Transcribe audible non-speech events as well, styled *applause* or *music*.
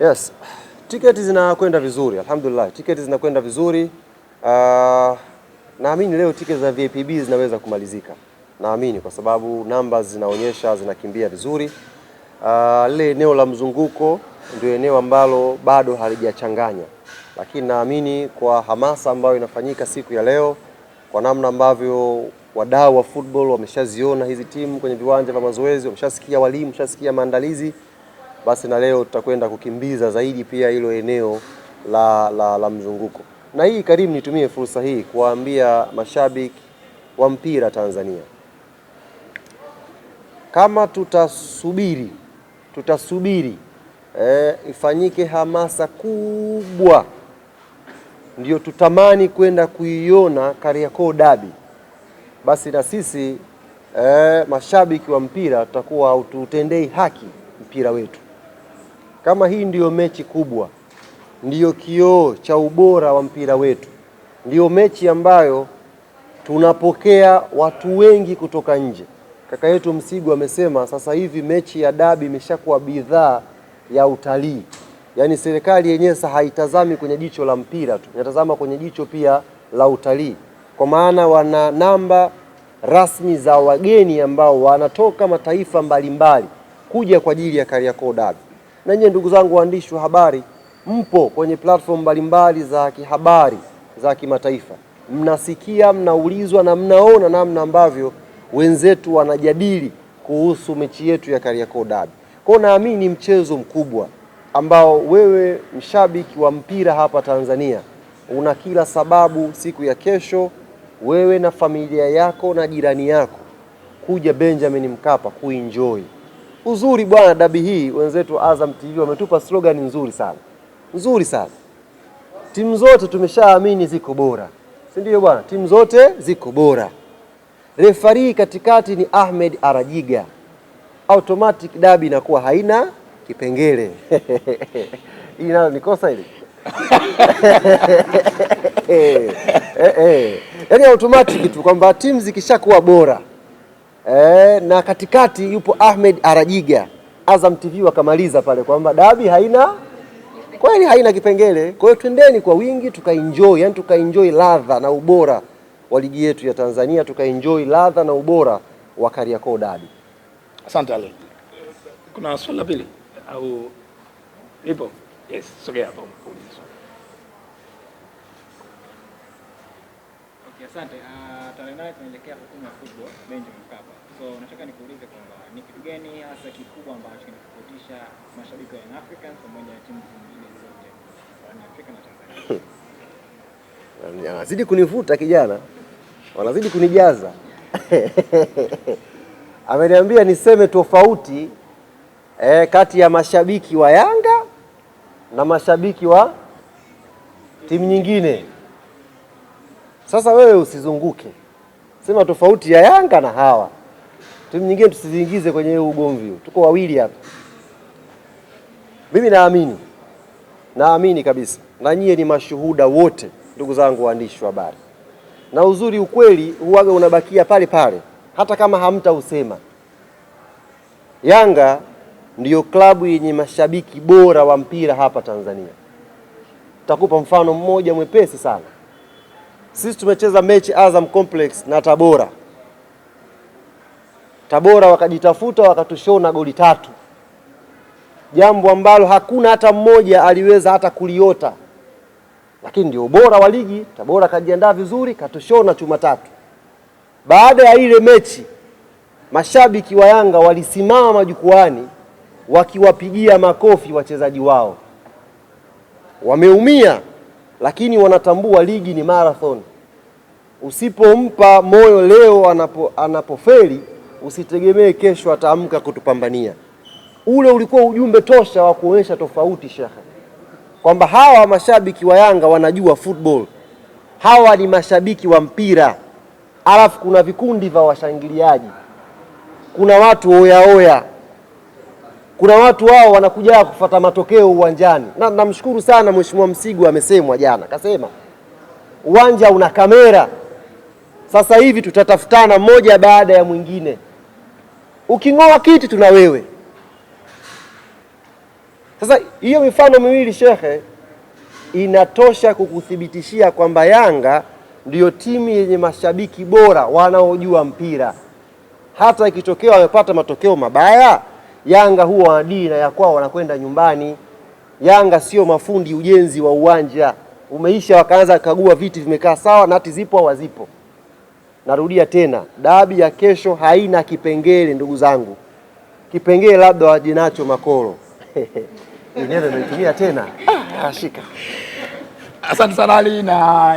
Yes, tiketi zinakwenda vizuri, alhamdulillah, tiketi zinakwenda vizuri. Uh, naamini leo tiketi za VIPB zinaweza kumalizika, naamini kwa sababu namba zinaonyesha zinakimbia vizuri. Ah, lile uh, eneo la mzunguko ndio eneo ambalo bado halijachanganya, lakini naamini kwa hamasa ambayo inafanyika siku ya leo, kwa namna ambavyo wadau wa football wameshaziona hizi timu kwenye viwanja vya mazoezi, wameshasikia walimu, wameshasikia maandalizi basi na leo tutakwenda kukimbiza zaidi pia hilo eneo la, la, la mzunguko. Na hii Karim, nitumie fursa hii kuwaambia mashabiki wa mpira Tanzania, kama tutasubiri tutasubiri eh, ifanyike hamasa kubwa ndio tutamani kwenda kuiona Kariakoo Dabi, basi na sisi eh, mashabiki wa mpira tutakuwa tutendei haki mpira wetu. Kama hii ndiyo mechi kubwa, ndiyo kioo cha ubora wa mpira wetu, ndiyo mechi ambayo tunapokea watu wengi kutoka nje. Kaka yetu Msigu amesema sasa hivi mechi ya dabi imeshakuwa bidhaa ya utalii, yaani serikali yenyewe sasa haitazami kwenye jicho la mpira tu, inatazama kwenye jicho pia la utalii, kwa maana wana namba rasmi za wageni ambao wanatoka mataifa mbalimbali kuja kwa ajili ya Kariakoo dabi na nyie ndugu zangu waandishi wa habari, mpo kwenye platform mbalimbali za kihabari za kimataifa, mnasikia, mnaulizwa na mnaona namna ambavyo wenzetu wanajadili kuhusu mechi yetu ya Kariakoo Derby. Kwa naamini ni mchezo mkubwa ambao wewe mshabiki wa mpira hapa Tanzania una kila sababu siku ya kesho, wewe na familia yako na jirani yako kuja Benjamin Mkapa kuenjoy uzuri bwana, dabi hii wenzetu Azam TV wametupa slogan nzuri sana nzuri sana. Timu zote tumeshaamini ziko bora, si ndio bwana? Timu zote ziko bora. Refari katikati ni Ahmed Arajiga, automatic dabi inakuwa haina kipengele *laughs* hii nalo ni kosa hili *laughs* eh, eh. Eh, yaani automatic tu kwamba timu zikishakuwa bora eh, na katikati yupo Ahmed Arajiga Azam TV wakamaliza pale kwamba dabi haina kweli haina kipengele. Kwa hiyo twendeni kwa wingi tukaenjoy, yani tukaenjoy ladha na ubora wa ligi yetu ya Tanzania, tukaenjoy ladha na ubora wa Kariakoo dabi. Asante Ali. Kuna swali la pili au ipo? Yes, sogea hapo. Asante. Uh, tarehe nane tunaelekea hukumu ya football Benjamin Mkapa. So nataka nikuulize kwamba ni kitu gani hasa kikubwa ambacho kinatofautisha mashabiki wa Young Africans pamoja na timu zingine zote barani Afrika na Tanzania? *laughs* Wanazidi kunivuta kijana, wanazidi kunijaza *laughs* ameniambia niseme tofauti eh, kati ya mashabiki wa Yanga na mashabiki wa timu nyingine sasa wewe usizunguke, sema tofauti ya Yanga na hawa timu nyingine, tusiziingize kwenye ugomvi. Tuko wawili hapa. Mimi naamini, naamini kabisa, na nyie ni mashuhuda wote, ndugu zangu waandishi wa habari. Na uzuri, ukweli huwaga unabakia pale pale, hata kama hamtausema. Yanga ndiyo klabu yenye mashabiki bora wa mpira hapa Tanzania. Takupa mfano mmoja mwepesi sana. Sisi tumecheza mechi Azam Complex na Tabora. Tabora wakajitafuta wakatushona goli tatu, jambo ambalo hakuna hata mmoja aliweza hata kuliota, lakini ndio ubora wa ligi. Tabora kajiandaa vizuri, katushona chuma tatu. Baada ya ile mechi, mashabiki wa Yanga walisimama majukwaani wakiwapigia makofi wachezaji wao. Wameumia, lakini wanatambua ligi ni marathon. Usipompa moyo leo anapo, anapofeli usitegemee kesho ataamka kutupambania. Ule ulikuwa ujumbe tosha wa kuonyesha tofauti shekhe, kwamba hawa mashabiki wa Yanga wanajua football, hawa ni mashabiki wa mpira. Alafu kuna vikundi vya washangiliaji, kuna watu oyaoya oya. Kuna watu wao wanakuja kufata matokeo uwanjani, na namshukuru sana Mheshimiwa Msigu amesemwa jana, kasema uwanja una kamera sasa hivi tutatafutana moja baada ya mwingine. Uking'oa kiti tuna wewe. Sasa hiyo mifano miwili shekhe, inatosha kukuthibitishia kwamba Yanga ndiyo timu yenye mashabiki bora wanaojua mpira. Hata ikitokea wamepata matokeo mabaya, Yanga huwa wanadili na ya kwao, wanakwenda nyumbani. Yanga sio mafundi ujenzi wa uwanja umeisha, wakaanza kagua viti vimekaa sawa, nati zipo au hazipo. Narudia tena, dabi ya kesho haina kipengele, ndugu zangu. Kipengele labda wajinacho makoro *laughs* ineno nimetumia tena ashika. Ah, Asante sana Ali na